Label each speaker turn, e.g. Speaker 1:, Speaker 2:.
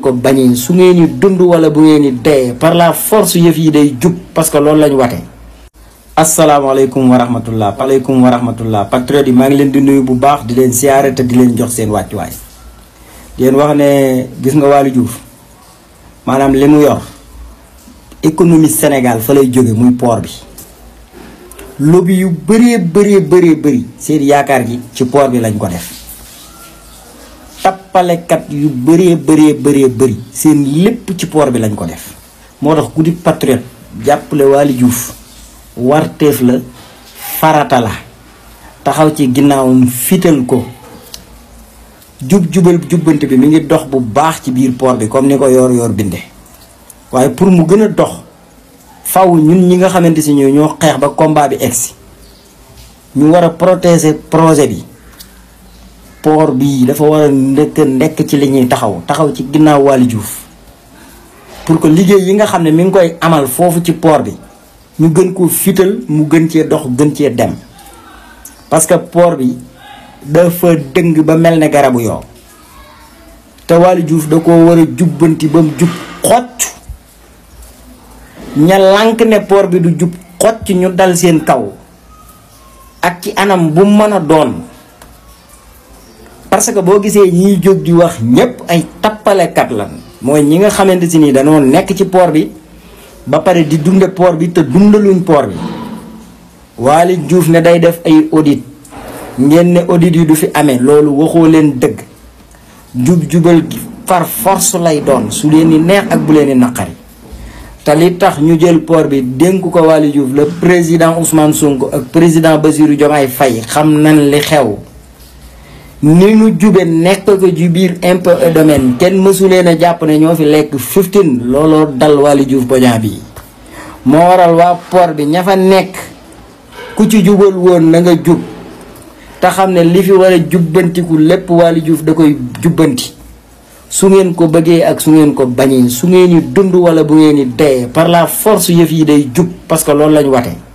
Speaker 1: ko bañee su ngeen dund wala bu ngeen ni dee force yëf yi day jub parce que loolu lañu wate asalaamaaleykum wa rahmatullah aleykum wa rahmatullah maa ngi leen di nuyu bu baax di leen siyaare te di leen jox seen wàccuwaay di leen wax ne gis nga Waly Diouf maanaam li mu yor économie Sénégal fa lay jóge muy port bi lobby yu bëree bëree bëree bëri seen yaakaar gi ci port bi lañ ko def tappalekat yu bëree bëree bëree bëri seen lépp ci poor bi lañ ko def moo tax guddi patriote jàppale Waly Diouf warteef la farata la taxaw ci ginnaawam fital ko jub jubal jubbante bi mu ngi dox bu baax ci biir port bi comme ni ko yoor yoor binde waaye pour mu gën a dox faw ñun ñi nga xamante si ñoo ñoo xeex ba combat bi egsi ñu war a protéger projet bi sport bi dafa war a nekk nekk ci li ñuy taxaw taxaw ci ginnaaw Waly juuf pour que liggéey yi nga xam ne mu ngi koy amal foofu ci poor bi ñu gën koo fital mu gën cee dox gën cee dem parce que port bi dafa dëng ba mel ni garabu yoo te Waly juuf da ko war jubbanti ba mu jub xocc ña lànk ne poor bi du jub xocc ñu dal seen kaw ak ci anam bu mën a doon parce que boo gisee ñiy jóg di wax ñëpp ay tappalekat lan mooy ñi nga xamante nii dañoo nekk ci port bi ba pare di dunde port bi te dundaluñ port bi Waly Diouf ne day def ay audit ngeen ne audit du fi amee loolu waxoo leen dëgg jub-jubal gi par force lay doon su leen di neex ak bu leen di naqari te li tax ñu jël poor bi dénk ko Waly Diouf le président Ousmane Sonko ak président Bassirou ay fay xam nañ li xew ni nu jube nekk ko ci biir impôt et domaine kenn mësu leen a jàpp ne ñoo fi lekk fifteen looloo dal Waly Diouf Bodiang bi moo waral waa port bi ña fa nekk ku ci jubal woon na nga jub te xam ne li fi war a jubbantiku lépp Waly Diouf da koy jubbanti su ngeen ko bëggee ak su ngeen ko bañee su ngeen di dund wala bu ngeen di dee par la force yëf yi day jub parce que loolu lañ wate